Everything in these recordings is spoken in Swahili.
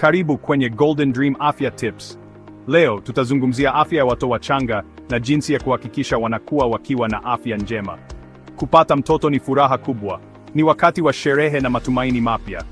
Karibu kwenye Golden Dream Afya Tips. Leo tutazungumzia afya ya watoto wachanga na jinsi ya kuhakikisha wanakuwa wakiwa na afya njema. Kupata mtoto ni furaha kubwa, ni wakati wa sherehe na matumaini mapya.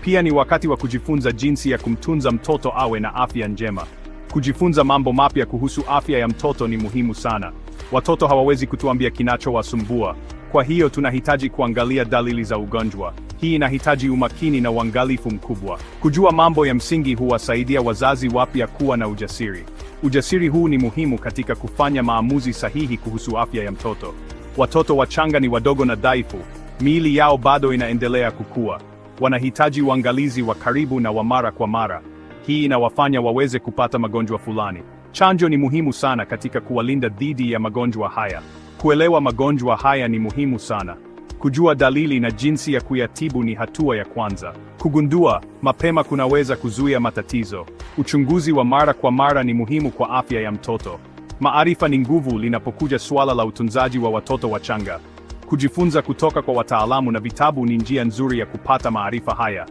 Pia ni wakati wa kujifunza jinsi ya kumtunza mtoto awe na afya njema. Kujifunza mambo mapya kuhusu afya ya mtoto ni muhimu sana. Watoto hawawezi kutuambia kinachowasumbua, kwa hiyo tunahitaji kuangalia dalili za ugonjwa hii inahitaji umakini na uangalifu mkubwa. Kujua mambo ya msingi huwasaidia wazazi wapya kuwa na ujasiri. Ujasiri huu ni muhimu katika kufanya maamuzi sahihi kuhusu afya ya mtoto. Watoto wachanga ni wadogo na dhaifu, miili yao bado inaendelea kukua. Wanahitaji uangalizi wa karibu na wa mara kwa mara. Hii inawafanya waweze kupata magonjwa fulani. Chanjo ni muhimu sana katika kuwalinda dhidi ya magonjwa haya. Kuelewa magonjwa haya ni muhimu sana. Kujua dalili na jinsi ya kuyatibu ni hatua ya kwanza. Kugundua mapema kunaweza kuzuia matatizo. Uchunguzi wa mara kwa mara ni muhimu kwa afya ya mtoto. Maarifa ni nguvu linapokuja suala la utunzaji wa watoto wachanga. Kujifunza kutoka kwa wataalamu na vitabu ni njia nzuri ya kupata maarifa haya.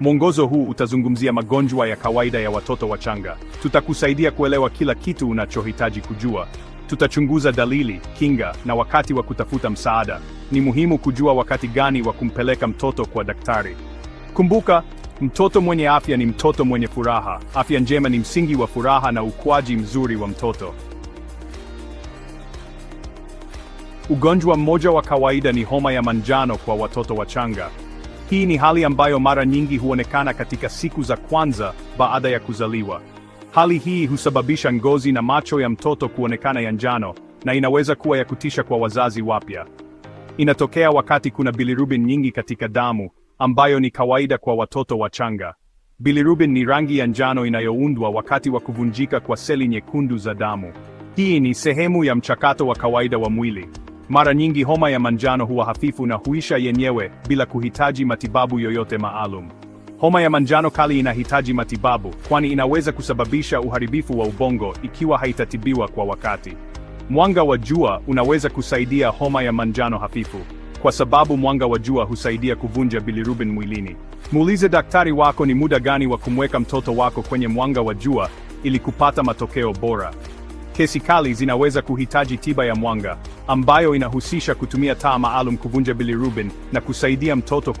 Mwongozo huu utazungumzia magonjwa ya kawaida ya watoto wachanga. Tutakusaidia kuelewa kila kitu unachohitaji kujua. Tutachunguza dalili, kinga na wakati wa kutafuta msaada. Ni muhimu kujua wakati gani wa kumpeleka mtoto kwa daktari. Kumbuka, mtoto mwenye afya ni mtoto mwenye furaha. Afya njema ni msingi wa furaha na ukuaji mzuri wa mtoto. Ugonjwa mmoja wa kawaida ni homa ya manjano kwa watoto wachanga. Hii ni hali ambayo mara nyingi huonekana katika siku za kwanza baada ya kuzaliwa. Hali hii husababisha ngozi na macho ya mtoto kuonekana ya njano na inaweza kuwa ya kutisha kwa wazazi wapya. Inatokea wakati kuna bilirubin nyingi katika damu, ambayo ni kawaida kwa watoto wachanga. Bilirubin ni rangi ya njano inayoundwa wakati wa kuvunjika kwa seli nyekundu za damu. Hii ni sehemu ya mchakato wa kawaida wa mwili. Mara nyingi homa ya manjano huwa hafifu na huisha yenyewe bila kuhitaji matibabu yoyote maalum. Homa ya manjano kali inahitaji matibabu, kwani inaweza kusababisha uharibifu wa ubongo ikiwa haitatibiwa kwa wakati. Mwanga wa jua unaweza kusaidia homa ya manjano hafifu, kwa sababu mwanga wa jua husaidia kuvunja bilirubin mwilini. Muulize daktari wako ni muda gani wa kumweka mtoto wako kwenye mwanga wa jua ili kupata matokeo bora. Kesi kali zinaweza kuhitaji tiba ya mwanga, ambayo inahusisha kutumia taa maalum kuvunja bilirubin na kusaidia mtoto